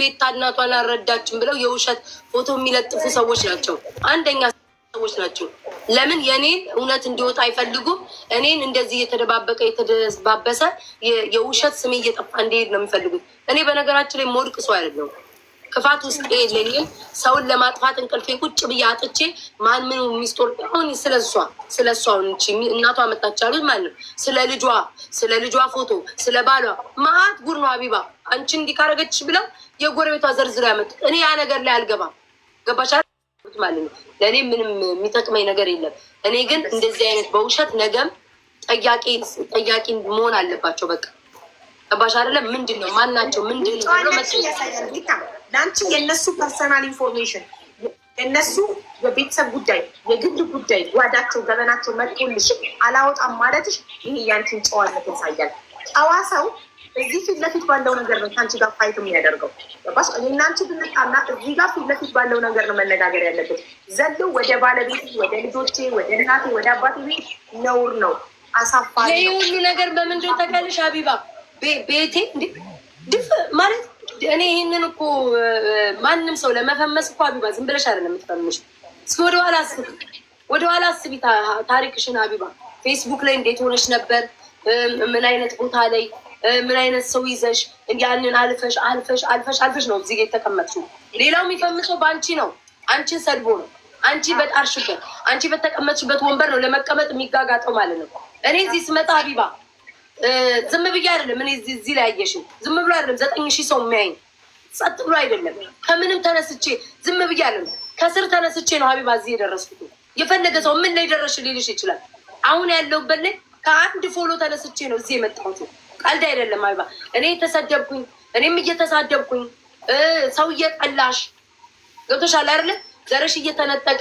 ቤታ እናቷን አልረዳችም ብለው የውሸት ፎቶ የሚለጥፉ ሰዎች ናቸው። አንደኛ ሰዎች ናቸው። ለምን የእኔን እውነት እንዲወጣ አይፈልጉም? እኔን እንደዚህ እየተደባበቀ የተደባበሰ የውሸት ስሜ እየጠፋ እንዲሄድ ነው የሚፈልጉት። እኔ በነገራችን ላይ የምወድቅ ሰው አይደለሁም። ክፋት ውስጥ የለኝም። ሰውን ለማጥፋት እንቅልፌ ቁጭ ብዬ አጥቼ ማን ምን ሚስቶር አሁን ስለ እሷ ስለ እሷ እናቷ መጣች አሉት ማለት ነው። ስለ ልጇ ስለ ልጇ ፎቶ ስለ ባሏ መዓት ጉር ነው። አቢባ አንቺ እንዲካረገች ብለው የጎረቤቷ ዘርዝር ያመጡ እኔ ያ ነገር ላይ አልገባም። ገባሽ ማለት ነው። ለእኔ ምንም የሚጠቅመኝ ነገር የለም። እኔ ግን እንደዚህ አይነት በውሸት ነገም ጠያቂ ጠያቂ መሆን አለባቸው በቃ ጠባሽ አይደለም። ምንድን ነው ማናቸው? ምንድን ነው ለአንቺ የእነሱ ፐርሰናል ኢንፎርሜሽን የእነሱ የቤተሰብ ጉዳይ፣ የግል ጉዳይ፣ ጓዳቸው፣ ገበናቸው መጥቶልሽ አላወጣም ማለትሽ ይሄ ያንቺን ጨዋነት ያሳያል። ጨዋ ሰው እዚህ ፊት ለፊት ባለው ነገር ነው ከአንቺ ጋር ፋይት የሚያደርገው። ገባሽ? እናንቺ ብንጣና እዚህ ጋር ፊት ለፊት ባለው ነገር ነው መነጋገር ያለበት። ዘሎ ወደ ባለቤት ወደ ልጆቼ፣ ወደ እናቴ፣ ወደ አባቴ ቤት ነውር ነው፣ አሳፋ ይህ ሁሉ ነገር በምንድን ተቀልሽ አቢባ ቤቴ እንደ ድፍ ማለት እኔ ይህንን እኮ ማንም ሰው ለመፈመስ እኮ አቢባ ዝም ብለሽ አይደለም የምትፈምሽ። እስኪ ወደኋላ አስቢ፣ ወደኋላ አስቢ ታሪክሽን አቢባ። ፌስቡክ ላይ እንዴት ሆነሽ ነበር? ምን አይነት ቦታ ላይ ምን አይነት ሰው ይዘሽ ያንን አልፈሽ አልፈሽ አልፈሽ አልፈሽ ነው እዚህ የተቀመጥሽው። ሌላው የሚፈምሰው በአንቺ ነው። አንቺን ሰድቦ ነው። አንቺ በጣርሽበት፣ አንቺ በተቀመጥሽበት ወንበር ነው ለመቀመጥ የሚጋጋጠው ማለት ነው። እኔ እዚህ ስመጣ አቢባ ዝም ብዬ አይደለም እኔ እዚህ ላይ አየሽኝ። ዝም ብሎ አይደለም ዘጠኝ ሺህ ሰው የሚያይኝ ጸጥ ብሎ አይደለም። ከምንም ተነስቼ ዝም ብዬ አይደለም ከስር ተነስቼ ነው ሀቢባ እዚህ የደረስኩት። የፈለገ ሰው ምን ላይ ሊልሽ ይችላል። አሁን ያለሁበት ላይ ከአንድ ፎሎ ተነስቼ ነው እዚህ የመጣሁት። ቀልድ አይደለም ሀቢባ። እኔ የተሰደብኩኝ እኔም እየተሳደብኩኝ ሰው እየጠላሽ ገብቶሻል አይደለ? ዘረሽ እየተነጠቀ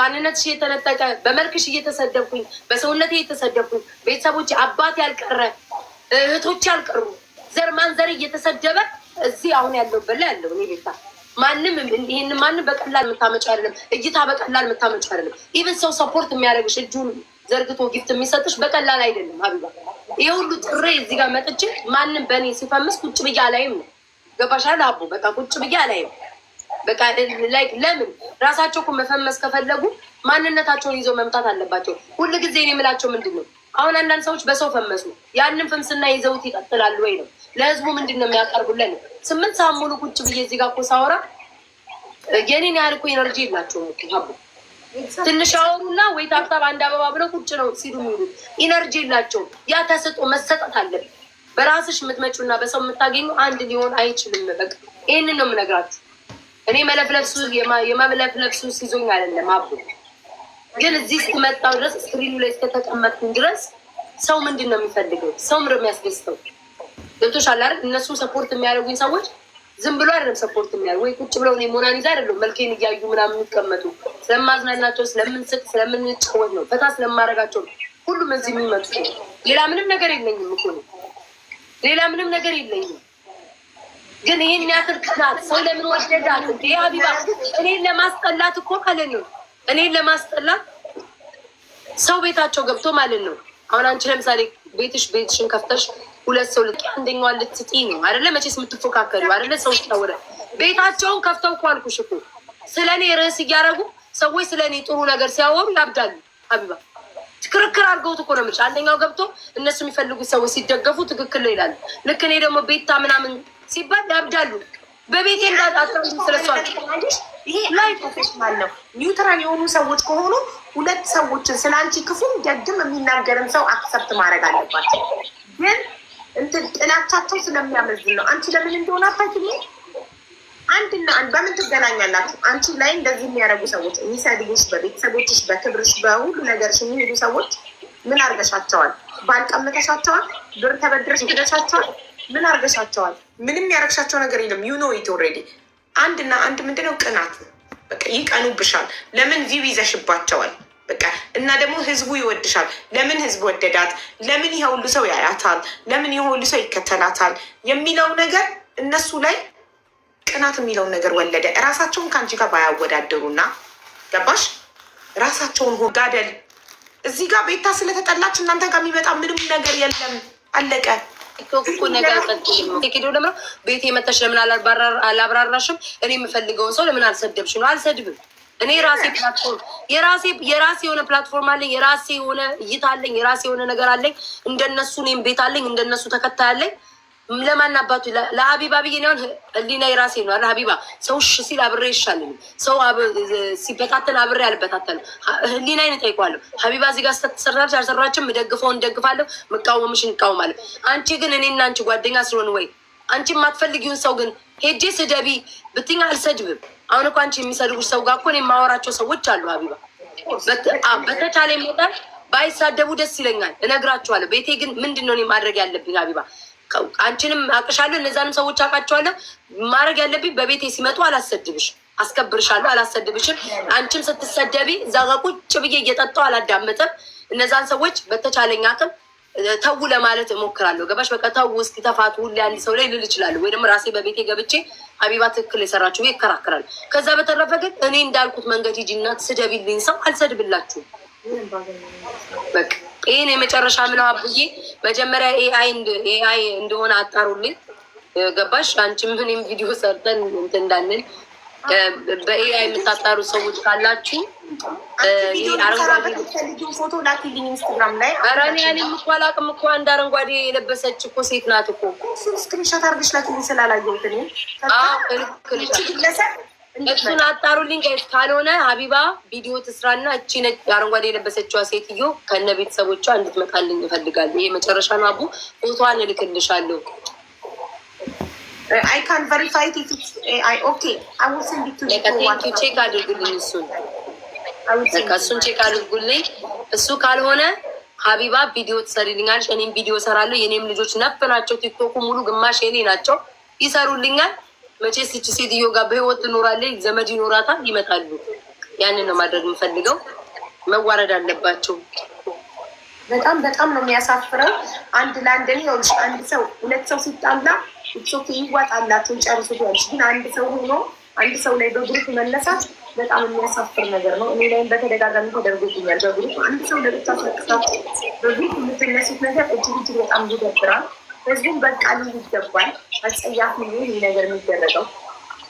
ማንነትሽ የተነጠቀ በመልክሽ እየተሰደብኩኝ በሰውነቴ እየተሰደብኩኝ ቤተሰቦች አባት ያልቀረ እህቶች ያልቀሩ ዘር ማንዘር እየተሰደበ እዚህ አሁን ያለው በላ ያለው እኔ ቤታ ማንም ይህን ማንም በቀላል የምታመጭ አይደለም። እይታ በቀላል የምታመጭ አይደለም። ኢቨን ሰው ሰፖርት የሚያደርግሽ እጁን ዘርግቶ ጊፍት የሚሰጥሽ በቀላል አይደለም። አቢባ ይሄ ሁሉ ጥሬ እዚህ ጋር መጥቼ ማንም በእኔ ሲፈምስ ቁጭ ብዬ አላይም ነው ገባሻል? አቦ በቃ ቁጭ ብዬ አላይም በቃ ለምን ራሳቸው እኮ መፈመስ ከፈለጉ ማንነታቸውን ይዘው መምጣት አለባቸው። ሁል ጊዜ እኔ የምላቸው ምንድን ነው አሁን አንዳንድ ሰዎች በሰው ፈመሱ፣ ያንን ፍምስና ይዘውት ይቀጥላሉ ወይ ነው ለህዝቡ ምንድን ነው የሚያቀርቡለን? ስምንት ሰዓት ሙሉ ቁጭ ብዬ እዚህ ጋር እኮ ሳወራ የኔን ያህል እኮ ኤነርጂ የላቸውም። ሀቡ ትንሽ አወሩና ወይ ታብታብ አንድ አበባ ብለው ቁጭ ነው ሲሉ የሚሉት ኢነርጂ የላቸውም። ያ ተሰጦ መሰጠት አለብን። በራስሽ የምትመጪው እና በሰው የምታገኙ አንድ ሊሆን አይችልም። በቃ ይህንን ነው የምነግራችሁ። እኔ መለፍለፍሱ የመለፍለፍሱ ሲዞኝ አይደለም አቡ ግን እዚህ እስክመጣው ድረስ ስክሪኑ ላይ እስከተቀመጥኩኝ ድረስ ሰው ምንድን ነው የሚፈልገው? ሰው ምር የሚያስደስተው ገብቶች አላር እነሱ ሰፖርት የሚያደርጉኝ ሰዎች ዝም ብሎ አይደለም ሰፖርት የሚያደርጉ ወይ ቁጭ ብለው እኔ ሞናሊዛ አይደለም መልኬን እያዩ ምናምን የሚቀመጡ ስለማዝናናቸው፣ ስለምንስቅ፣ ስለምንጫወት ነው ፈታ ስለማረጋቸው ሁሉም እዚህ የሚመጡ ሌላ ምንም ነገር የለኝም እኮ ሌላ ምንም ነገር የለኝም። ግን ይህን ያክል ክዳት ሰው ለምን ወደዳት? ይህ ሀቢባ እኔን ለማስጠላት እኮ ማለት ነው። እኔን ለማስጠላት ሰው ቤታቸው ገብቶ ማለት ነው። አሁን አንቺ ለምሳሌ ቤትሽ ቤትሽን ከፍተሽ ሁለት ሰው ልቅ አንደኛዋን ልትጥይ ነው አይደለ? መቼስ የምትፎካከሪ አይደለ? ሰው ታወረ ቤታቸውን ከፍተው እኮ አልኩሽ እኮ ስለ እኔ ርዕስ እያደረጉ ሰዎች ስለ እኔ ጥሩ ነገር ሲያወሩ ያብዳሉ ሀቢባ ክርክር አድርገውት እኮ ነው። አንደኛው ገብቶ እነሱ የሚፈልጉት ሰዎች ሲደገፉ ትክክል ነው ይላሉ። ልክ እኔ ደግሞ ቤታ ምናምን ሲባል ያብዳሉ። በቤቴ እንዳጣጣሉ ስለሷልሽ ላይ ፕሮፌሽናል ነው። ኒውትራል የሆኑ ሰዎች ከሆኑ ሁለት ሰዎችን ስለ አንቺ ክፉም ደግም የሚናገርን ሰው አክሰፕት ማድረግ አለባቸው። ግን እንትን ጥላቻቸው ስለሚያመዝን ነው። አንቺ ለምን እንደሆነ አታውቂም አንድና አንድ በምን ትገናኛላችሁ? አንቺ ላይ እንደዚህ የሚያደርጉ ሰዎች የሚሰድቡሽ፣ በቤተሰቦችሽ፣ በክብርሽ፣ በሁሉ ነገርሽ የሚሄዱ ሰዎች ምን አርገሻቸዋል? ባልቀምተሻቸዋል? ብር ተበድረሽ ግደሻቸዋል? ምን አርገሻቸዋል? ምንም ያደረግሻቸው ነገር የለም። ዩ ኖ ኢት ኦልሬዲ። አንድና አንድ ምንድነው ቅናት። ይቀኑብሻል። ለምን ቪው ይዘሽባቸዋል? በቃ እና ደግሞ ህዝቡ ይወድሻል። ለምን ህዝብ ወደዳት? ለምን ይሄ ሁሉ ሰው ያያታል? ለምን ይሄ ሁሉ ሰው ይከተላታል? የሚለው ነገር እነሱ ላይ ቅናት የሚለውን ነገር ወለደ። እራሳቸውን ከአንቺ ጋር ባያወዳደሩና ገባሽ ራሳቸውን ጋደል እዚህ ጋር ቤታ ስለተጠላች እናንተ ጋር የሚመጣ ምንም ነገር የለም። አለቀ። ቲክቶክ ደግሞ ቤት የመተሽ ለምን አላብራራሽም? እኔ የምፈልገውን ሰው ለምን አልሰደብሽ ነው? አልሰድብም። እኔ ራሴ ፕላትፎርም የራሴ የራሴ የሆነ ፕላትፎርም አለኝ። የራሴ የሆነ እይታ አለኝ። የራሴ የሆነ ነገር አለኝ። እንደነሱ እኔም ቤት አለኝ። እንደነሱ ተከታይ አለኝ። ለማን አባቱ ለሀቢባ ብዬ ሆን ህሊና የራሴ ነው አለ ሀቢባ። ሰው ሽ ሲል አብሬ ይሻልኝ፣ ሰው ሲበታተን አብሬ አልበታተን። ህሊና አይነት እጠይቀዋለሁ። ሀቢባ እዚህ ጋር ስተሰራች አልሰራችም፣ ምደግፈውን እደግፋለሁ፣ ምቃወምሽን እቃወማለሁ። አንቺ ግን እኔና አንቺ ጓደኛ ስለሆን ወይ አንቺ የማትፈልጊውን ሰው ግን ሄጄ ስደቢ ብትኛ አልሰድብም። አሁን እኮ አንቺ የሚሰድቡሽ ሰው ጋር እኮ እኔ የማወራቸው ሰዎች አሉ። ሀቢባ በተቻለ ይመጣል ባይሳደቡ ደስ ይለኛል፣ እነግራቸዋለሁ። ቤቴ ግን ምንድን ነው እኔ ማድረግ ያለብኝ ሀቢባ አንቺንም አቅሻለሁ፣ እነዛንም ሰዎች አውቃቸዋለሁ። ማድረግ ያለብኝ በቤቴ ሲመጡ አላሰድብሽ፣ አስከብርሻለሁ፣ አላሰድብሽም። አንቺም ስትሰደቢ እዛ ጋ ቁጭ ብዬ እየጠጣሁ አላዳምጥም። እነዛን ሰዎች በተቻለኝ አቅም ተዉ ለማለት እሞክራለሁ። ገባሽ? በቃ ተዉ እስኪ ተፋቱ። ሁሌ አንድ ሰው ላይ ልል እችላለሁ፣ ደግሞ ራሴ በቤቴ ገብቼ ሀቢባ ትክክል የሰራችሁ ይከራከራል። ከዛ በተረፈ ግን እኔ እንዳልኩት መንገድ ሂጂና ስደቢልኝ ሰው አልሰድብላችሁም በቃ ይህን የመጨረሻ ምለው አብዬ መጀመሪያ ኤአይ ኤአይ እንደሆነ አጣሩልኝ። ገባሽ አንቺ ምንም ቪዲዮ ሰርተን እንትን እንዳንል በኤአይ የምታጣሩ ሰዎች ካላችሁ አረን ያን የምትባል አቅም እኮ አንድ አረንጓዴ የለበሰች እኮ ሴት ናት እኮ ስክሪንሻት አርገሽ ላኪልኝ ስላላየሁት እሱን አጣሩልኝ ጋይስ። ካልሆነ ሀቢባ ቪዲዮ ትስራና እቺ ነጭ አረንጓዴ የለበሰችዋ ሴትዮ ከነ ቤተሰቦቿ እንድትመጣልኝ ይፈልጋል። ይሄ መጨረሻ ነው። አቡ ፎቶዋን እልክልሻለሁ። ቼክ አድርጉልኝ እሱን እሱን ቼክ አድርጉልኝ። እሱ ካልሆነ ሀቢባ ቪዲዮ ትሰሪልኛለች፣ እኔም ቪዲዮ እሰራለሁ። የኔም ልጆች ነፍ ናቸው። ቲክቶኩ ሙሉ ግማሽ የኔ ናቸው፣ ይሰሩልኛል መቼ ስች ሴትዮ ጋር በህይወት ትኖራለች፣ ዘመድ ይኖራታል፣ ይመጣሉ። ያንን ነው ማድረግ የምፈልገው። መዋረድ አለባቸው። በጣም በጣም ነው የሚያሳፍረው። አንድ ለአንድ ሆን አንድ ሰው ሁለት ሰው ሲጣላ ሶክ ይዋጣላቸው ጨርሱ ያልሽ፣ ግን አንድ ሰው ሆኖ አንድ ሰው ላይ በግሩፕ መነሳት በጣም የሚያሳፍር ነገር ነው። እኔ ላይም በተደጋጋሚ ተደርጎብኛል። በግሩፕ አንድ ሰው ለብቻ በግሩፕ የምትነሱት ነገር እጅግ እጅግ በጣም ይደብራል። በዚሁም በቃሉ ይገባል። አስጸያፍ ሚሆን ይህ ነገር የሚደረገው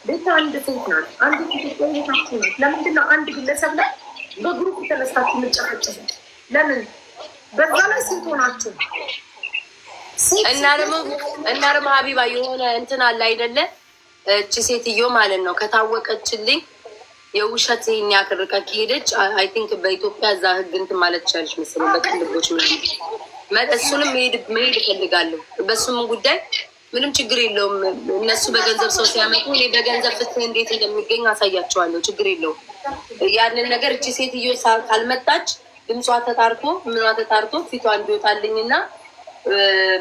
ቤታ አንድ ሴት ናት። አንድ ኢትዮጵያ ናት። ለምንድን ነው አንድ ግለሰብ ላይ በግሩፕ ተነስታችሁ የምጨፈጭፉ? ለምን? በዛ ላይ ሴት ሆናችሁ እና ደግሞ ሀቢባ የሆነ እንትን አለ አይደለ? እቺ ሴትዮ ማለት ነው ከታወቀችልኝ የውሸት ይህን ያከርካ ከሄደች አይ ቲንክ በኢትዮጵያ እዛ ህግ እንትን ማለት ይቻለች መሰለኝ። በቅልቦች እሱንም መሄድ እፈልጋለሁ። በሱም ጉዳይ ምንም ችግር የለውም። እነሱ በገንዘብ ሰው ሲያመጡ እኔ በገንዘብ ፍትህ እንዴት እንደሚገኝ አሳያቸዋለሁ። ችግር የለውም። ያንን ነገር እቺ ሴትዮ ካልመጣች ድምጿ ተጣርቶ ምኗ ተጣርቶ ፊቷ እንዲወጣልኝና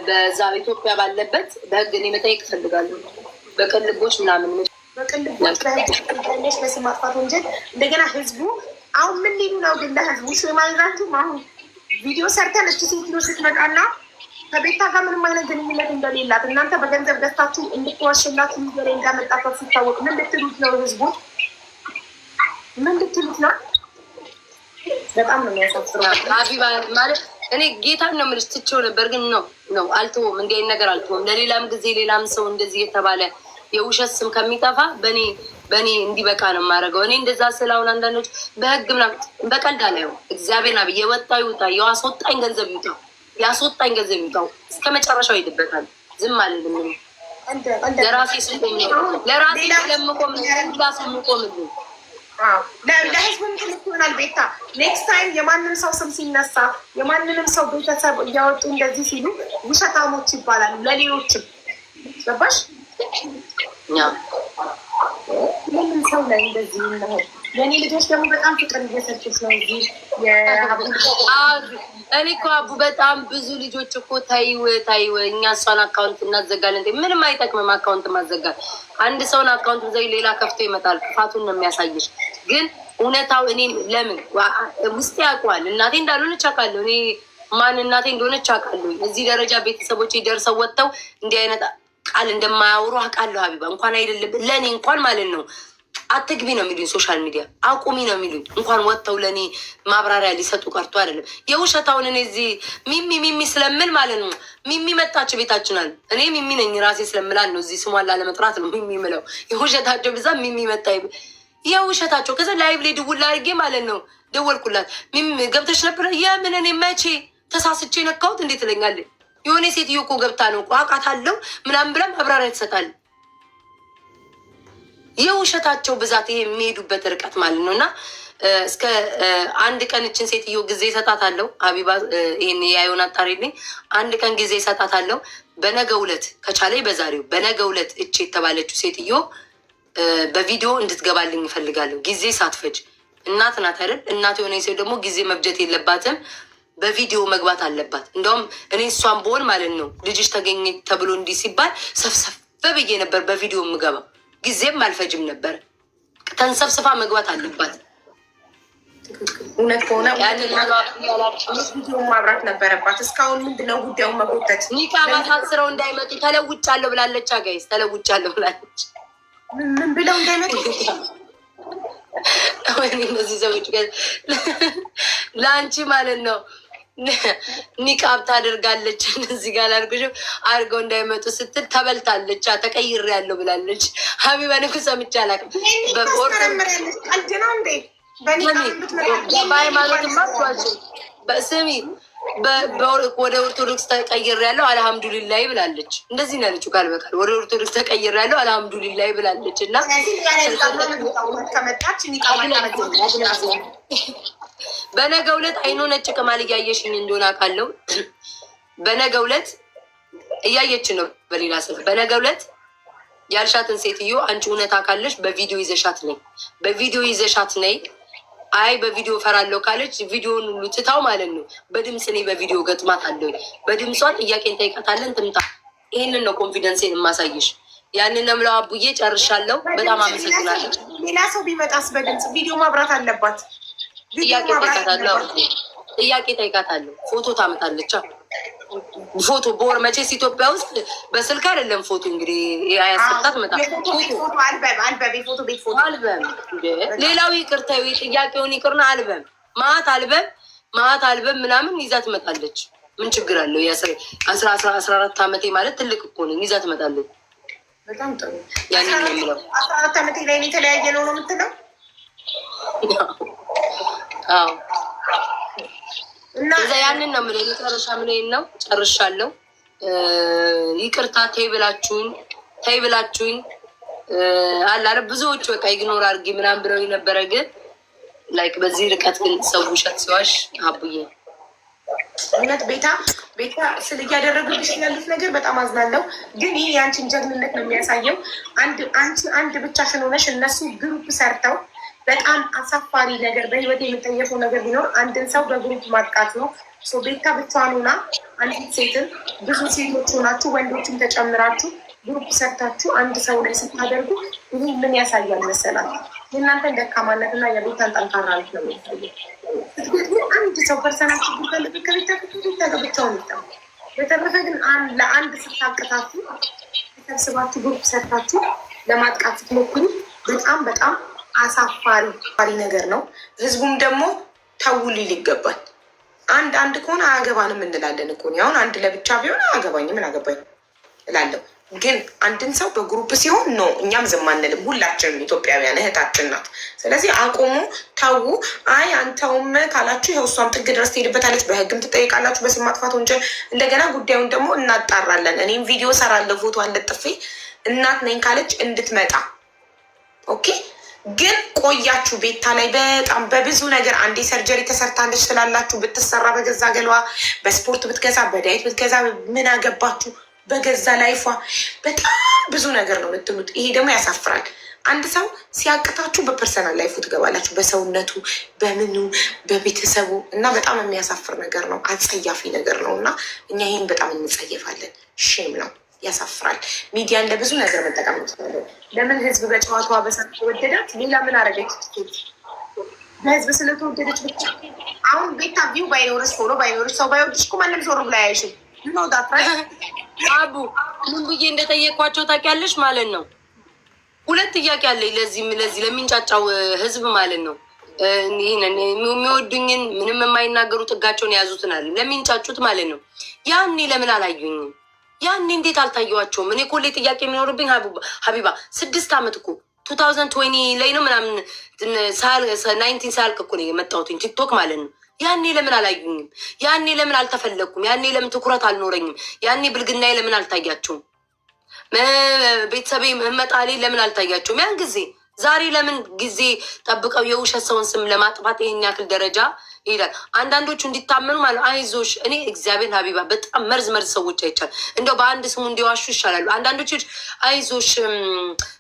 በዛ ኢትዮጵያ ባለበት በህግ እኔ መጠየቅ እፈልጋለሁ። በቅልቦች ምናምን በቅልቦች በስም ማጥፋት ወንጀል እንደገና ህዝቡ አሁን ምን ሊሉ ነው? ግን ለህዝቡ ሽማይዛቱም አሁን ቪዲዮ ሰርተን እች ነው ስትመጣና ከቤታ ጋር ምንም አይነት ግንኙነት እንደሌላት እናንተ በገንዘብ ገዝታችሁ እንድትዋሽላት ሚዘሬ እንዳመጣበት ሲታወቅ ምን ልትሉት ነው? ህዝቡ ምን ልትሉት ነው? በጣም ነው የሚያሳፍረው። ማለት እኔ ጌታን ነው የምልሽ ትቼው ነበር፣ ግን ነው ነው እንዲህ ነገር አልተወም። ለሌላም ጊዜ ሌላም ሰው እንደዚህ የተባለ የውሸት ስም ከሚጠፋ በእኔ በእኔ እንዲበቃ ነው የማደርገው። እኔ እንደዛ ስላሁን አንዳንዶች በህግ ምናምን በቀልድ አላየው። እግዚአብሔር ና የወጣ ይውጣ፣ ያስወጣኝ ገንዘብ ይውጣው፣ የአስወጣኝ ገንዘብ ይውጣው። እስከ መጨረሻው ይድበታል። ዝም አልልም። ለራሴ ስቆም ለራሴ ለምቆም ላስ ምቆም ለህዝብም ትልቅ ይሆናል። ቤታ ኔክስት ታይም የማንም ሰው ስም ሲነሳ የማንንም ሰው ቤተሰብ እያወጡ እንደዚህ ሲሉ ውሸታሞች ይባላሉ ለሌሎችም ገባሽ ለምን ሰው ላይ እንደዚህ ነው? የእኔ ልጆች ደግሞ በጣም ፍቅር እየሰጡት ነው። እዚህ እኔ እኮ አቡ በጣም ብዙ ልጆች እኮ ተይው ተይው፣ እኛ እሷን አካውንት እናዘጋለን። ምንም አይጠቅምም አካውንት ማዘጋል። አንድ ሰውን አካውንት ዘይ ሌላ ከፍቶ ይመጣል። ክፋቱን ነው የሚያሳየሽ። ግን እውነታው እኔ ለምን ውስጤ ያውቀዋል። እናቴ እንዳልሆነች አውቃለሁ። እኔ ማን እናቴ እንደሆነች አውቃለሁ። እዚህ ደረጃ ቤተሰቦች ደርሰው ወጥተው እንዲህ አይነት ቃል እንደማያወሩ አውቃለሁ። ሀቢባ እንኳን አይደለም ለእኔ እንኳን ማለት ነው አትግቢ ነው የሚሉኝ፣ ሶሻል ሚዲያ አቁሚ ነው የሚሉኝ። እንኳን ወጥተው ለእኔ ማብራሪያ ሊሰጡ ቀርቶ አይደለም የውሸታውን እኔ እዚህ ሚሚ ሚሚ ስለምል ማለት ነው ሚሚ መታቸው ቤታችናል። እኔ ሚሚ ነኝ ራሴ ስለምላል ነው እዚህ ስሟን ላለመጥራት ነው ሚሚ ምለው። የውሸታቸው ብዛ ሚሚ መታ የውሸታቸው። ከዚ ላይቭ ላይ ድውል አድርጌ ማለት ነው ደወልኩላት። ሚሚ ገብተሽ ነበር የምን እኔ መቼ ተሳስቼ ነካሁት እንዴት ትለኛለች የሆነ ሴትዮ እኮ ገብታ ነው ቋቃት አለው ምናምን ብላ ማብራሪያ ትሰጣል። የውሸታቸው ብዛት ይሄ የሚሄዱበት ርቀት ማለት ነው እና እስከ አንድ ቀን እችን ሴትዮ ጊዜ ይሰጣታለሁ። አቢባ ይህን ያየውን አጣሪልኝ። አንድ ቀን ጊዜ ይሰጣታለሁ። በነገ ውለት ከቻለ በዛሬው በነገ ውለት እች የተባለችው ሴትዮ በቪዲዮ እንድትገባልኝ ይፈልጋለሁ። ጊዜ ሳትፈጅ እናት ናት አይደል? እናት የሆነ ሰው ደግሞ ጊዜ መብጀት የለባትም። በቪዲዮ መግባት አለባት። እንደውም እኔ እሷን በሆን ማለት ነው ልጅሽ ተገኘ ተብሎ እንዲህ ሲባል ሰፍሰፍ ብዬ ነበር በቪዲዮ የምገባ ጊዜም አልፈጅም ነበር። ተንሰብስፋ መግባት አለባት። እውነት ከሆነ ማብራት ነበረባት። እስካሁን ምንድነው ጉዳዩ መጎተት ኒካ ማሳስረው እንዳይመጡ ተለውጫለሁ ብላለች። አጋይስ ተለውጫለሁ ብላለች። ምን ብለው እንዳይመጡ ወይ እነዚህ ሰዎች ለአንቺ ማለት ነው ኒቃብ ታደርጋለች። እነዚህ ጋር ላድርግሽም አድርገው እንዳይመጡ ስትል ተበልታለች፣ ተቀይር ያለው ብላለች። ሀቢባ ንኩ ሰምቼ አላውቅም። ስሚ ወደ ኦርቶዶክስ ተቀይር ያለው አልሐምዱሊላይ ብላለች። እንደዚህ ነው ያለችው ቃል በቃል ወደ ኦርቶዶክስ ተቀይር ያለው አልሐምዱሊላይ ብላለች እና በነገ ውለት አይኖ ነጭ ቅማል እያየሽኝ እንደሆነ አውቃለሁ። በነገ ውለት እያየች ነው። በሌላ ስልክ በነገ ውለት ያልሻትን ሴትዮ አንቺ እውነት አካለሽ በቪዲዮ ይዘሻት ነይ፣ በቪዲዮ ይዘሻት ነይ። አይ በቪዲዮ ፈራለሁ ካለች ቪዲዮን ሁሉ ትታው ማለት ነው። በድምፅ እኔ በቪዲዮ ገጥማት አለኝ። በድምጿን ጥያቄን እንጠይቃታለን። ትምጣ። ይህንን ነው ኮንፊደንሴን የማሳየሽ። ያንን ነምለው አቡዬ ጨርሻለሁ። በጣም አመሰግናለሁ። ሌላ ሰው ቢመጣስ? በድምፅ ቪዲዮ ማብራት አለባት። ጥያቄ ጠይቃታለሁ። ጥያቄ ጠይቃታለሁ። ፎቶ ታመጣለች። ፎቶ በወር መቼስ ኢትዮጵያ ውስጥ በስልክ አይደለም። ፎቶ እንግዲህ አያስፈታት መጣ አልበም። ሌላው ይቅርታ ጥያቄውን ይቅርና አልበም ማት አልበም ማት አልበም ምናምን ይዛ ትመጣለች። ምን ችግር አለው? አስራ አራት ዓመቴ ማለት ትልቅ እኮ ነው። ይዛ ትመጣለች። በጣም ጥሩ። ያንን ነው አስራ አራት ዓመቴ ላይ የተለያየ ነው ነው የምትለው እዛ ያንን ነው ምለ መጨረሻ ምን ነው ጨርሻለሁ። ይቅርታ ተይ ብላችሁኝ ተይ ብላችሁኝ አለ ብዙዎች በቃ ይግኖር አድርጊ ምናምን ብለው የነበረ ግን ላይክ በዚህ ርቀት ግን ሰው ውሸት ሲዋሽ አቡዬ እውነት ቤታ ቤታ ስል እያደረግብሽ ያሉት ነገር በጣም አዝናለሁ፣ ግን ይህ የአንቺን ጀግንነት ነው የሚያሳየው። አንድ አንቺ አንድ ብቻሽን ሆነሽ እነሱ ግሩፕ ሰርተው በጣም አሳፋሪ ነገር በህይወት የምጠየፈው ነገር ቢኖር አንድን ሰው በግሩፕ ማጥቃት ነው። ቤታ ብቻዋን ሆና አንዲት ሴትን ብዙ ሴቶች ሆናችሁ ወንዶችን ተጨምራችሁ ግሩፕ ሰርታችሁ አንድ ሰው ላይ ስታደርጉ ይህ ምን ያሳያል መሰላል? የእናንተን ደካማነት እና የቤታን ጠንካራነት ነው የሚታየው። አንድ ሰው ፐርሰናችሁ ጉዳይ ከቤታ ቤታ ብቻውን ይታ በተረፈ ግን ለአንድ ስታቅታችሁ ተሰብስባችሁ ግሩፕ ሰርታችሁ ለማጥቃት ስትሞክሩ በጣም በጣም አሳፋሪ ነገር ነው። ህዝቡም ደግሞ ተው ሊል ይገባል። አንድ አንድ ከሆነ አያገባንም እንላለን እኮ አሁን አንድ ለብቻ ቢሆን አያገባኝ ምን አገባኝ እላለሁ። ግን አንድን ሰው በግሩፕ ሲሆን ነው እኛም ዝም አንልም። ሁላችንም ኢትዮጵያውያን እህታችን ናት። ስለዚህ አቁሙ፣ ተዉ። አይ አንተውም ካላችሁ ይኸው እሷም ጥግ ድረስ ትሄድበታለች፣ በህግም ትጠይቃላችሁ፣ በስም ማጥፋት ወንጀል። እንደገና ጉዳዩን ደግሞ እናጣራለን። እኔም ቪዲዮ ሰራለሁ፣ ፎቶ አለጥፌ እናት ነኝ ካለች እንድትመጣ ኦኬ ግን ቆያችሁ ቤታ ላይ በጣም በብዙ ነገር አንዴ ሰርጀሪ ተሰርታለች ስላላችሁ ብትሰራ በገዛ ገለዋ በስፖርት ብትገዛ በዳይት ብትገዛ ምን አገባችሁ በገዛ ላይፏ በጣም ብዙ ነገር ነው የምትሉት። ይሄ ደግሞ ያሳፍራል። አንድ ሰው ሲያቅታችሁ በፐርሰናል ላይፉ ትገባላችሁ፣ በሰውነቱ፣ በምኑ፣ በቤተሰቡ እና በጣም የሚያሳፍር ነገር ነው። አጸያፊ ነገር ነው እና እኛ ይህን በጣም እንጸየፋለን። ሼም ነው። ያሳፍራል። ሚዲያን ለብዙ ነገር መጠቀም ለምን ህዝብ በጨዋታዋ በሰ ተወደዳት? ሌላ ምን አረገች? በህዝብ ስለተወደደች ብቻ። አሁን ቤታ ቪው ባይኖርስ ሆኖ ባይኖርስ ሰው ባይወድሽ እኮ ማንም ዞር ብላ ያይሽም። አቡ ምን ብዬ እንደጠየቅኳቸው ታውቂያለሽ ማለት ነው። ሁለት ጥያቄ አለኝ ለዚህ ለዚህ ለሚንጫጫው ህዝብ ማለት ነው። ይህን የሚወዱኝን ምንም የማይናገሩ ጥጋቸውን የያዙትን አለ ለሚንጫጩት ማለት ነው። ያኔ ለምን አላዩኝም? ያኔ እንዴት አልታየዋቸውም? እኔ ላይ ጥያቄ የሚኖርብኝ ሀቢባ ስድስት አመት እኮ ቱ ታውዘንድ ትዌኒ ላይ ነው ምናምን ናይንቲን ሳያልቅ እኮ ነው የመጣሁትኝ ቲክቶክ ማለት ነው። ያኔ ለምን አላዩኝም? ያኔ ለምን አልተፈለግኩም? ያኔ ለምን ትኩረት አልኖረኝም? ያኔ ብልግናዬ ለምን አልታያቸውም? ቤተሰቤ መጣሌ ለምን አልታያቸውም? ያን ጊዜ ዛሬ ለምን ጊዜ ጠብቀው የውሸት ሰውን ስም ለማጥፋት ይህን ያክል ደረጃ ይላል። አንዳንዶቹ እንዲታመኑ ማለት አይዞሽ፣ እኔ እግዚአብሔር ሀቢባ በጣም መርዝ መርዝ ሰዎች አይቻል እንደው በአንድ ስሙ እንዲዋሹ ይሻላሉ። አንዳንዶች አይዞሽ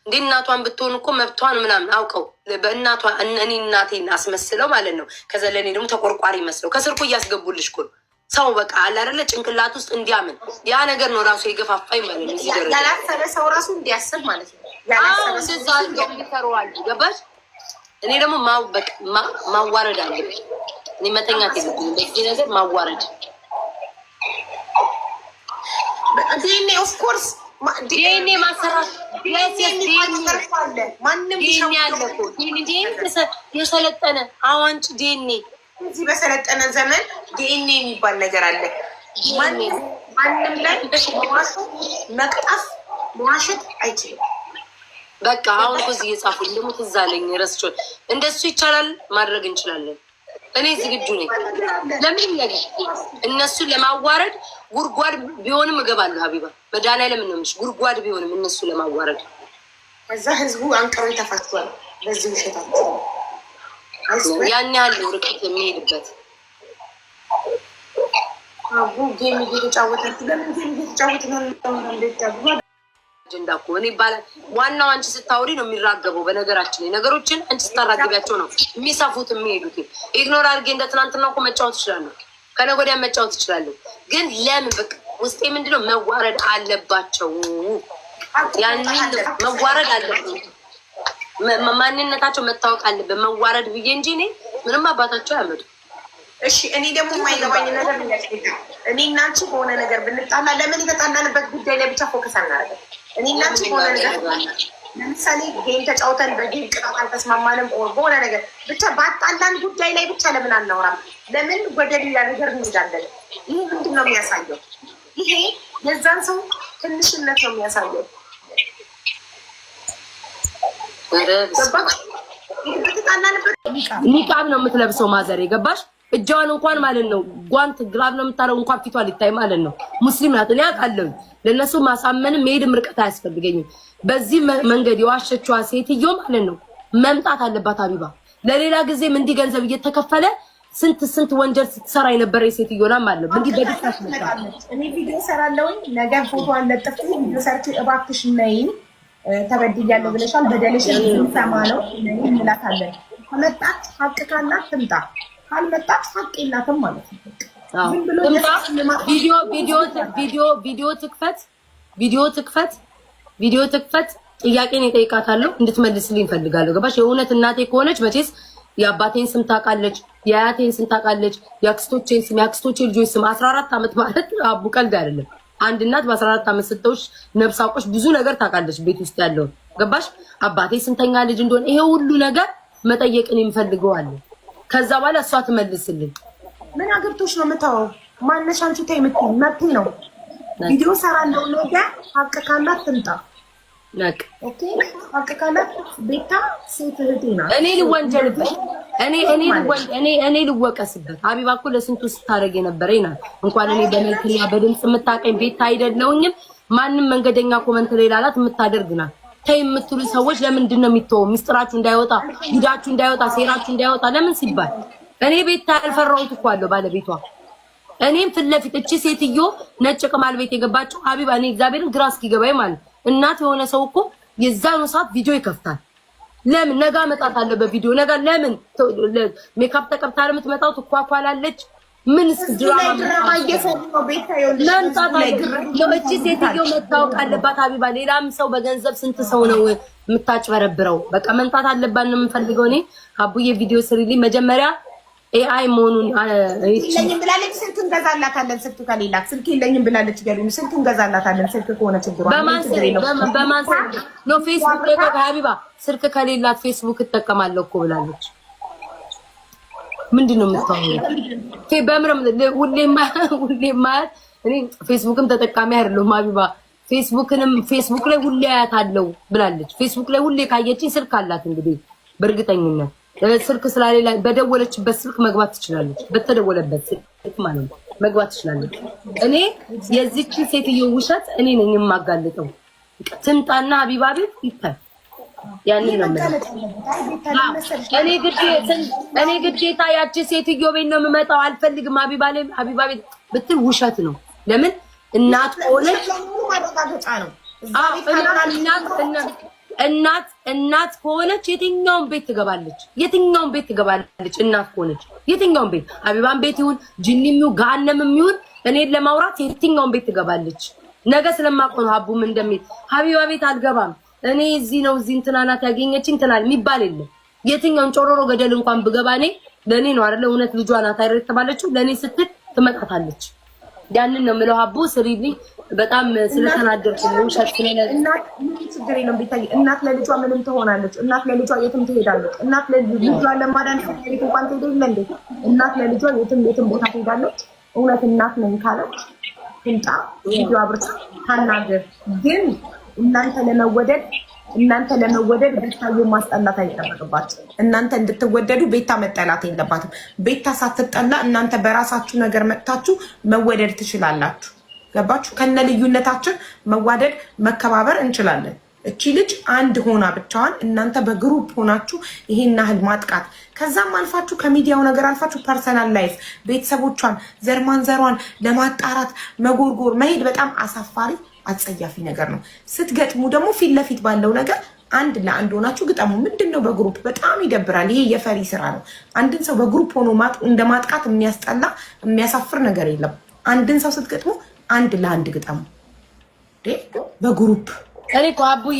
እንደ እናቷን ብትሆን እኮ መብቷን ምናምን አውቀው በእናቷ እኔ እናቴን አስመስለው ማለት ነው። ከዛ ለእኔ ደግሞ ተቆርቋሪ መስለው ከስርኩ እያስገቡልሽ እኮ ሰው በቃ አላደለ ጭንቅላት ውስጥ እንዲያምን ያ ነገር ነው ራሱ የገፋፋኝ ማለት ነው። ያላሰበ ሰው ራሱ እንዲያስብ ማለት ነው። እንደዛ ገባሽ? እኔ ደግሞ ማወቅ ማዋረድ አለብኝ እኔ መተኛት የለብኝም። በዚህ ነገር ማዋረድ ዲኤንኤ ኦፍኮርስ ዲኤንኤ ማሰራት የሰለጠነ አዋንጭ ዲኤንኤ እዚህ በሰለጠነ ዘመን ዲኤንኤ የሚባል ነገር አለ። ማንም ላይ ዋሱ መቅጣፍ መዋሸት አይችልም። በቃ አሁን እኮ እዚህ እየጻፉ ደግሞ ትዝ አለኝ ረስቼው እንደሱ ይቻላል ማድረግ እንችላለን። እኔ ዝግጁ ነኝ። ለምን ነገር እነሱን ለማዋረድ ጉድጓድ ቢሆንም እገባለሁ። ሀቢባ መዳና ለምን ነው የምልሽ? ጉድጓድ ቢሆንም እነሱ ለማዋረድ ከዛ ህዝቡ አንቀሮ ተፋቷል። በዚህ ውሸታቸው ያን ያህል ርቀት የሚሄድበት ጌም እየተጫወታችሁ ለምን ጌም እየተጫወት ነው? አጀንዳ እኮ እኔ ይባላል። ዋናው አንቺ ስታወሪ ነው የሚራገበው። በነገራችን ነገሮችን አንቺ ነው የሚሰፉት የሚሄዱት። ኢግኖር አድርጌ እንደ ትናንትና እኮ መጫወት እችላለሁ፣ ከነገ ወዲያ መጫወት እችላለሁ። ግን ለምን በቃ ውስጤ ምንድነው መዋረድ አለባቸው፣ ያንን መዋረድ አለብን፣ ማንነታቸው መታወቅ አለበት መዋረድ ብዬ እንጂ እኔ ምንም አባታቸው አያመጡ እሺ እኔ ደግሞ የማይገባኝ ነገር እኔ እናንቺ በሆነ ነገር ብንጣላ ለምን የተጣላንበት ጉዳይ ላይ ብቻ ፎከስ አናደርግም? እኔ እናንቺ በሆነ ነገር ለምሳሌ ጌም ተጫውተን በጌም ቅጣት አልተስማማንም፣ በሆነ ነገር ብቻ በአጣላን ጉዳይ ላይ ብቻ ለምን አናወራም? ለምን ወደ ሌላ ነገር እንሄዳለን? ይሄ ምንድን ነው የሚያሳየው? ይሄ የዛን ሰው ትንሽነት ነው የሚያሳየው። ኒቃብ ነው የምትለብሰው ማዘር ገባሽ? እጃዋን እንኳን ማለት ነው ጓንት ግራብ ነው የምታደርገው እንኳን ፊቷ ሊታይ ማለት ነው። ሙስሊም ናት፣ እኔ አውቃለሁ። ለእነሱ ማሳመንም መሄድም ርቀት አያስፈልገኝም። በዚህ መንገድ የዋሸችዋ ሴትዮ ማለት ነው መምጣት አለባት አቢባ። ለሌላ ጊዜም እንዲህ ገንዘብ እየተከፈለ ስንት ስንት ወንጀል ስትሰራ የነበረ የሴትዮ ናት ማለት ነው። እንዲህ በዲስታሽ እኔ ቪዲዮ ሰራለውኝ ነገ ፎቶ አለጥፍ ቪዲዮ ሰርቼ እባክሽ ነይን ተበድያለሁ ብለሻል፣ በደልሽ ሰማ ነው እንላታለን። ከመጣች ሀቅ ካላት ትምጣ ካልመጣች ሀቅ የላትም ማለት ነው። ቪዲዮ ትክፈት፣ ቪዲዮ ትክፈት፣ ቪዲዮ ትክፈት። ጥያቄን የጠይቃታለሁ እንድትመልስልኝ እፈልጋለሁ። ገባሽ? የእውነት እናቴ ከሆነች መቼስ የአባቴን ስም ታውቃለች፣ የአያቴን ስም ታውቃለች፣ የአክስቶቼን ስም፣ የአክስቶቼ ልጆች ስም። አስራ አራት ዓመት ማለት አቡ ቀልድ አይደለም። አንድ እናት በአስራ አራት ዓመት ስተውሽ ነብስ አውቆሽ ብዙ ነገር ታውቃለች፣ ቤት ውስጥ ያለውን ገባሽ? አባቴ ስንተኛ ልጅ እንደሆነ ይሄ ሁሉ ነገር መጠየቅን የሚፈልገዋለን ከዛ በኋላ እሷ ትመልስልኝ። ምን አገብቶሽ ነው የምታወው? ማነሽ አንቺ ተይ የምትይኝ መብት ነው። ቪዲዮ ሰራ እንደው ነገ ሀቅ ካላት ትምጣ። ሀቅ ካላት ቤታ ሴት እህቴ ናት። እኔ ልወንጀልበት፣ እኔ ልወቀስበት። ሀቢባ እኮ ለስንቱ ስታደርግ የነበረኝ ናት። እንኳን እኔ በመልክና በድምፅ የምታቀኝ ቤታ አይደለውኝም። ማንም መንገደኛ ኮመንት ላይ ላላት የምታደርግ ናት። ተይ የምትሉ ሰዎች ለምንድን ነው የሚተወው? ሚስጥራችሁ እንዳይወጣ፣ ጉዳችሁ እንዳይወጣ፣ ሴራችሁ እንዳይወጣ ለምን ሲባል እኔ ቤት ያልፈራሁት እኮ አለው ባለቤቷ። እኔም ፊት ለፊት እቺ ሴትዮ ነጭ ቅማል ቤት የገባችው ሀቢባ፣ እኔ እግዚአብሔርን ግራ እስኪገባኝ ማለት እናት የሆነ ሰው እኮ የዛኑ ሰዓት ቪዲዮ ይከፍታል። ለምን ነጋ መጣት አለ በቪዲዮ ነጋ። ለምን ሜካፕ ተቀብታ ለምትመጣው ትኳኳላለች ምን ድራማ ሴትዮ መታወቅ አለባት። አቢባ ሌላም ሰው በገንዘብ ስንት ሰው ነው የምታጭበረብረው? በቃ መንጣት አለባት ነው የምፈልገው እኔ። አቡዬ ቪዲዮ ስሪልኝ መጀመሪያ ኤአይ መሆኑን የለኝም ብላለች። ስልክ እንገዛላታለን። ስልክ ከሌላት ስልክ የለኝም ብላለች። ስልክ እንገዛላታለን። ስልክ ከሆነ ችግሯ በማን ፌስቡክ ሀቢባ ስልክ ከሌላት ፌስቡክ እጠቀማለሁ እኮ ብላለች። ምንድን ነው የምታወሪው? በምረም ሁሌማ እኔ ፌስቡክም ተጠቃሚ አይደለሁም። አቢባ ፌስቡክንም ፌስቡክ ላይ ሁሌ አለው ብላለች። ፌስቡክ ላይ ሁሌ ካየችኝ ስልክ አላት እንግዲህ በእርግጠኝነት ስልክ ስለሌላ በደወለችበት ስልክ መግባት ትችላለች። በተደወለበት ስልክ ማለት ነው መግባት ትችላለች። እኔ የዚችን ሴትዮ ውሸት እኔ ነኝ የማጋልጠው። ትምጣና አቢባ ቤት ይታይ ያንን እኔ ግዴታ ያቺ ሴትዮ ቤት ነው የምመጣው። አልፈልግም አቢባ ቤት ብትል ውሸት ነው። ለምን እናት ሆነች እናት እናት ከሆነች የትኛውን ቤት ትገባለች? የትኛውን ቤት ትገባለች? እናት ከሆነች የትኛውን ቤት አቢባን ቤት ይሁን ጅኒሚው ገሃነምም ይሁን እኔን ለማውራት የትኛውን ቤት ትገባለች? ነገ ስለማቆ ነው ሀቡም እንደሚል ሀቢባ ቤት አልገባም እኔ እዚህ ነው እዚህ እንትና ናት ያገኘችኝ እንትና የሚባል የለም። የትኛውን ጮሮሮ ገደል እንኳን ብገባ እኔ ለእኔ ነው አይደለ? እውነት ልጇ ናት አይደል የተባለችው ለእኔ ስትል ትመጣታለች። ያንን ነው የምለው። ሀቦ ስሪልኝ በጣም ስለተናደርኩ ነው። ሻሽ እናት ችግር የለም ቢታይ እናት ለልጇ ምንም ትሆናለች። እናት ለልጇ የትም ትሄዳለች። እናት ለልጇ ለማዳን ከቤት እንኳን ትሄደ የለ እንዴ? እናት ለልጇ የትም የትም ቦታ ትሄዳለች። እውነት እናት ነኝ ካለች ትምጣ ልጇ አብርታ ታናገር ግን እናንተ ለመወደድ እናንተ ለመወደድ ቤታዬ ማስጠላት አይጠበቅባችሁ። እናንተ እንድትወደዱ ቤታ መጠላት የለባትም። ቤታ ሳትጠላ እናንተ በራሳችሁ ነገር መጥታችሁ መወደድ ትችላላችሁ። ገባችሁ? ከነ ልዩነታችን መዋደድ መከባበር እንችላለን። እቺ ልጅ አንድ ሆና ብቻዋን እናንተ በግሩፕ ሆናችሁ ይሄን ያህል ማጥቃት፣ ከዛም አልፋችሁ ከሚዲያው ነገር አልፋችሁ ፐርሰናል ላይፍ ቤተሰቦቿን ዘርማንዘሯን ለማጣራት መጎርጎር መሄድ በጣም አሳፋሪ አጸያፊ ነገር ነው። ስትገጥሙ ደግሞ ፊት ለፊት ባለው ነገር አንድ ለአንድ ሆናችሁ ግጠሙ። ምንድን ነው በግሩፕ በጣም ይደብራል። ይሄ የፈሪ ስራ ነው። አንድን ሰው በግሩፕ ሆኖ እንደ ማጥቃት የሚያስጠላ የሚያሳፍር ነገር የለም። አንድን ሰው ስትገጥሙ አንድ ለአንድ ግጠሙ በግሩፕ እኔ እኮ አቡዬ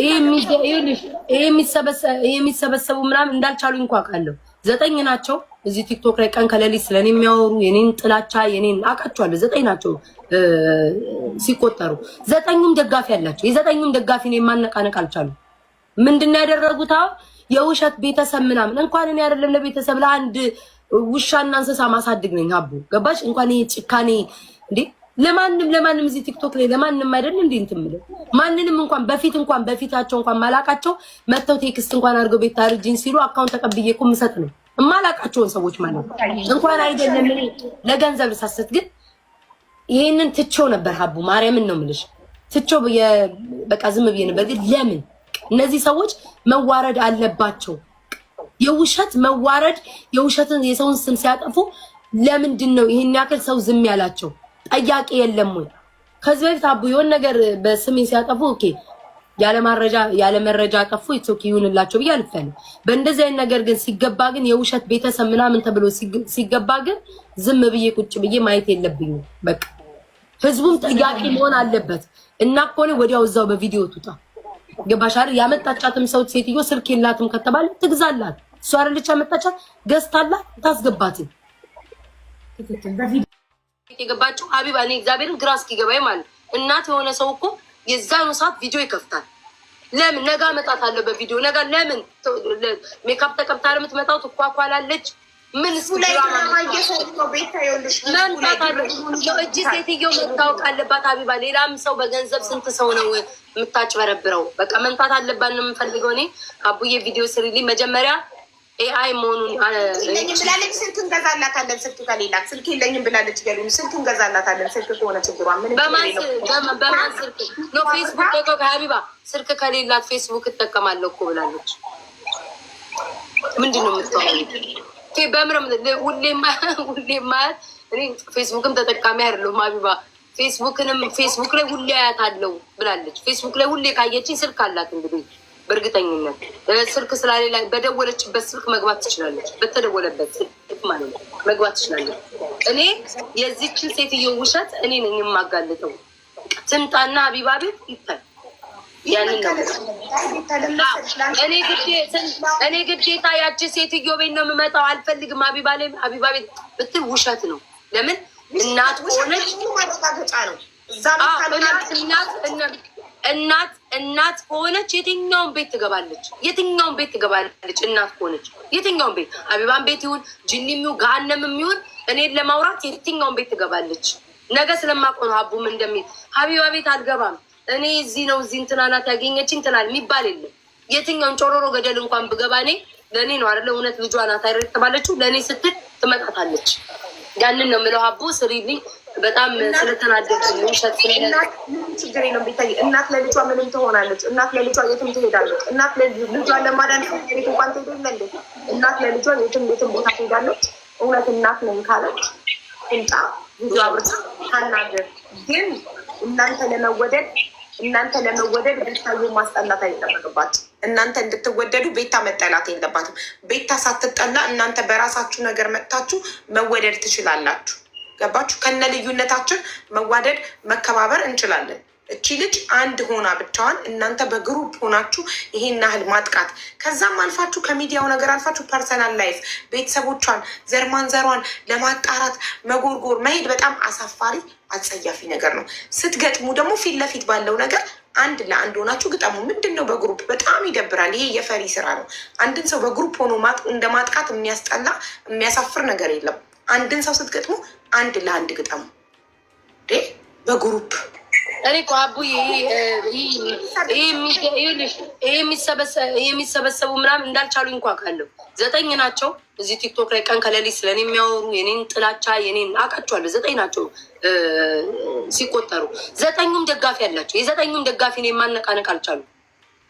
ይሄ የሚሰበሰቡ ምናምን እንዳልቻሉኝ እንኳ ቃለሁ ዘጠኝ ናቸው እዚህ ቲክቶክ ላይ ቀን ከሌሊት ስለኔ የሚያወሩ የኔን ጥላቻ የኔን አውቃቸዋለሁ። ዘጠኝ ናቸው ሲቆጠሩ፣ ዘጠኙም ደጋፊ አላቸው። የዘጠኙም ደጋፊ እኔን ማነቃነቅ አልቻሉ ምንድን ነው ያደረጉት? የውሸት ቤተሰብ ምናምን እንኳን እኔ አይደለም ለቤተሰብ ለአንድ ውሻና እንስሳ ማሳድግ ነኝ። አቡ ገባሽ? እንኳን ይሄ ጭካኔ እንዴ! ለማንም ለማንም እዚህ ቲክቶክ ላይ ለማንም አይደል እንዴ እንትን ማንንም እንኳን በፊት እንኳን በፊታቸው እንኳን ማላቃቸው መተው ቴክስት እንኳን አድርገው ቤት ታርጅን ሲሉ አካውንት ተቀብዬ እኮ የምሰጥ ነው የማላውቃቸውን ሰዎች ማለት እንኳን አይደለም ለገንዘብ ልሳሰት ግን ይሄንን ትቼው ነበር። ሀቡ ማርያምን ነው የምልሽ፣ ትቼው በቃ ዝም ብዬ ነበር። ግን ለምን እነዚህ ሰዎች መዋረድ አለባቸው? የውሸት መዋረድ፣ የውሸትን የሰውን ስም ሲያጠፉ ለምንድን ነው ይሄን ያክል ሰው ዝም ያላቸው? ጠያቂ የለም ወይ? ከዚህ በፊት አቡ የሆን ነገር በስሜ ሲያጠፉ ኦኬ ያለ መረጃ ጠፉ ኢትዮክ ይሁንላቸው ብዬ አልፈል። በእንደዚህ አይነት ነገር ግን ሲገባ ግን የውሸት ቤተሰብ ምናምን ተብሎ ሲገባ ግን ዝም ብዬ ቁጭ ብዬ ማየት የለብኝም። በቃ ህዝቡም ጥያቄ መሆን አለበት እና ከሆነ ወዲያው እዛው በቪዲዮ ትውጣ። ገባሽ አይደል? ያመጣጫትም ሰው ሴትዮ ስልክ የላትም ከተባለ ትግዛላት። እሷ አይደለች ያመጣጫት፣ ገዝታላት ታስገባት። የገባችው ሀቢባ እኔ እግዚአብሔርን ግራ እስኪገባኝ ማለት እናት የሆነ ሰው እኮ የዛኑ ሰዓት ቪዲዮ ይከፍታል። ለምን ነጋ መጣት አለው በቪዲዮ ነገ ለምን ሜካፕ ተቀብታ ምትመጣው ትኳኳላለች። ምን እጅ ሴትየው መታወቅ አለባት። አቢባ ሌላም ሰው በገንዘብ ስንት ሰው ነው የምታጭበረብረው? በቃ መምታት አለባት ነው የምፈልገው እኔ። አቡዬ ቪዲዮ ስሪሊ መጀመሪያ ኤአይ መሆኑን የለኝም ብላለች። ስልክ እንገዛላታለን። ስልክ ከሌላት ስልክ የለኝም ብላለች። ገሉ ስልክ እንገዛላታለን። ስልክ ከሆነ ችግሯ ምን? በማን ስልክ ነው? ፌስቡክ ደግሞ ከሀቢባ ስልክ ከሌላት ፌስቡክ እጠቀማለሁ እኮ ብላለች። ምንድን ነው የምትሆነ በምረም ሁሌ ማያት እኔ ፌስቡክም ተጠቃሚ አይደለሁም ሀቢባ ፌስቡክንም ፌስቡክ ላይ ሁሌ አያት አለው ብላለች። ፌስቡክ ላይ ሁሌ ካየችኝ ስልክ አላት እንግዲህ በእርግጠኝነት ስልክ ስላሌላ በደወለችበት ስልክ መግባት ትችላለች። በተደወለበት ስልክ ማለት ነው መግባት ትችላለች። እኔ የዚችን ሴትዮ ውሸት እኔ ነኝ የማጋልጠው። ትምጣና አቢባ ቤት ይታይ። እኔ ግዴታ ያቺ ሴትዮ ቤት ነው የምመጣው። አልፈልግም አቢባ ላይ አቢባ ቤት ብትል ውሸት ነው። ለምን እናት ሆነች እናት እናት እናት ከሆነች የትኛውን ቤት ትገባለች? የትኛውን ቤት ትገባለች? እናት ከሆነች የትኛውን ቤት አቢባን ቤት ይሁን የሚሁ ገሃነም የሚሆን እኔን ለማውራት የትኛውን ቤት ትገባለች? ነገ ስለማቆ ነው ሀቡም እንደሚል ሀቢባ ቤት አልገባም እኔ እዚህ ነው እዚህ እንትናናት ናት ያገኘችኝ ትናል የሚባል የለም። የትኛውን ጮሮሮ ገደል እንኳን ብገባ እኔ ለእኔ ነው አይደለ? እውነት ልጇ ናት አይደለ? የተባለችው ለእኔ ስትል ትመጣታለች። ያንን ነው የምለው ሀቡ ስሪልኝ በጣም ስለተናደድኩኝ ውሸት ችግር ነው። ቢታይ እናት ለልጇ ምንም ትሆናለች። እናት ለልጇ የትም ትሄዳለች። እናት ልጇን ለማዳን ቤት እንኳን ትሄዱ ይመለ እናት ለልጇ የትም የትም ቦታ ትሄዳለች። እውነት እናት ነኝ ካለች እንጣ ልጇ ብርታ ታናገር። ግን እናንተ ለመወደድ እናንተ ለመወደድ ቤታዩ ማስጠላት አይጠበቅባትም። እናንተ እንድትወደዱ ቤታ መጠላት የለባትም። ቤታ ሳትጠላ እናንተ በራሳችሁ ነገር መጥታችሁ መወደድ ትችላላችሁ። ገባችሁ? ከነ ልዩነታችን መዋደድ መከባበር እንችላለን። እቺ ልጅ አንድ ሆና ብቻዋን እናንተ በግሩፕ ሆናችሁ ይሄን ያህል ማጥቃት፣ ከዛም አልፋችሁ ከሚዲያው ነገር አልፋችሁ ፐርሰናል ላይፍ ቤተሰቦቿን፣ ዘርማን ዘሯን ለማጣራት መጎርጎር መሄድ በጣም አሳፋሪ አጸያፊ ነገር ነው። ስትገጥሙ ደግሞ ፊት ለፊት ባለው ነገር አንድ ለአንድ ሆናችሁ ግጠሙ። ምንድን ነው በግሩፕ በጣም ይደብራል። ይሄ የፈሪ ስራ ነው። አንድን ሰው በግሩፕ ሆኖ እንደ ማጥቃት የሚያስጠላ የሚያሳፍር ነገር የለም። አንድን ሰው ስትገጥሙ አንድ ለአንድ ግጠሙ። በግሩፕ እኔ እኮ አቡዬ የሚሰበሰቡ ምናምን እንዳልቻሉ እንኳ ካለው ዘጠኝ ናቸው። እዚህ ቲክቶክ ላይ ቀን ከሌሊት ስለእኔ የሚያወሩ የኔን ጥላቻ የኔን አውቃቸዋለሁ። ዘጠኝ ናቸው ሲቆጠሩ፣ ዘጠኙም ደጋፊ አላቸው። የዘጠኙም ደጋፊ እኔን ማነቃነቅ አልቻሉ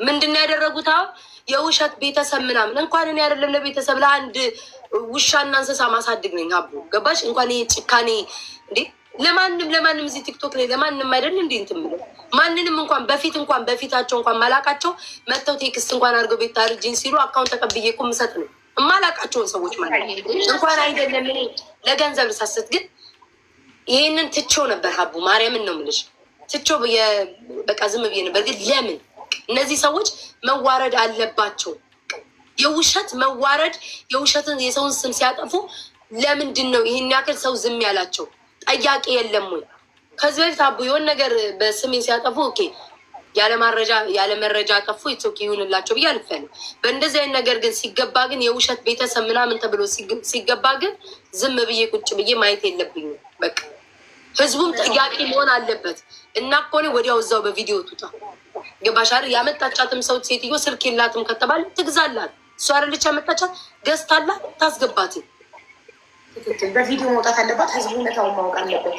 ምንድን ነው ያደረጉት? የውሸት ቤተሰብ ምናምን እንኳን እኔ አይደለም ለቤተሰብ ለአንድ ውሻና እንስሳ ማሳድግ ነኝ። አቦ ገባሽ? እንኳን ይሄ ጭካኔ እንዴ ለማንም ለማንም እዚህ ቲክቶክ ላይ ለማንም አይደል እንዴ እንትን የምለው ማንንም እንኳን በፊት እንኳን በፊታቸው እንኳን ማላቃቸው መጥተው ቴክስት እንኳን አድርገው ቤት ታርጅኝ ሲሉ አካውንት ተቀብዬ እኮ የምሰጥ ነው የማላቃቸውን ሰዎች ማለት እንኳን አይደለም ለገንዘብ ልሳስት ግን ይሄንን ትቼው ነበር። ሀቡ ማርያምን ነው የምልሽ ትቼው በቃ ዝም ብዬ ነበር። ግን ለምን እነዚህ ሰዎች መዋረድ አለባቸው? የውሸት መዋረድ የውሸትን የሰውን ስም ሲያጠፉ ለምንድን ነው ይህን ያክል ሰው ዝም ያላቸው? ጠያቂ የለም ወይ? ከዚህ በፊት አቡ የሆን ነገር በስሜ ሲያጠፉ ኦኬ ያለማረጃ ያለመረጃ ጠፉ ኢትዮክ ይሁንላቸው ብዬ አልፈን። በእንደዚህ አይነት ነገር ግን ሲገባ ግን የውሸት ቤተሰብ ምናምን ተብሎ ሲገባ ግን ዝም ብዬ ቁጭ ብዬ ማየት የለብኝም። በቃ ህዝቡም ጠያቂ መሆን አለበት እና ከሆነ ወዲያው እዛው በቪዲዮ ቱጣ ገባሻር ያመጣቻትም ሰው ሴትዮ ስልክ የላትም ከተባለ ትግዛላት። እሷ አይደለች ያመጣቻት ገዝታላ ታስገባት። ትክክል። በቪዲዮ መውጣት አለባት። ህዝቡ እውነታውን ማወቅ አለበት።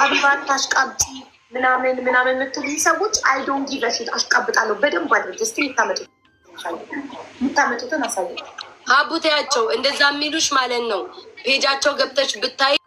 ሀቢባት ታሽቃብጪ ምናምን ምናምን የምትሉ ሰዎች አሽቃብጣለሁ። በደንብ አድርግ እስኪ የምታመጡትን አሳየ እንደዛ የሚሉሽ ማለት ነው። ፔጃቸው ገብተሽ ብታይ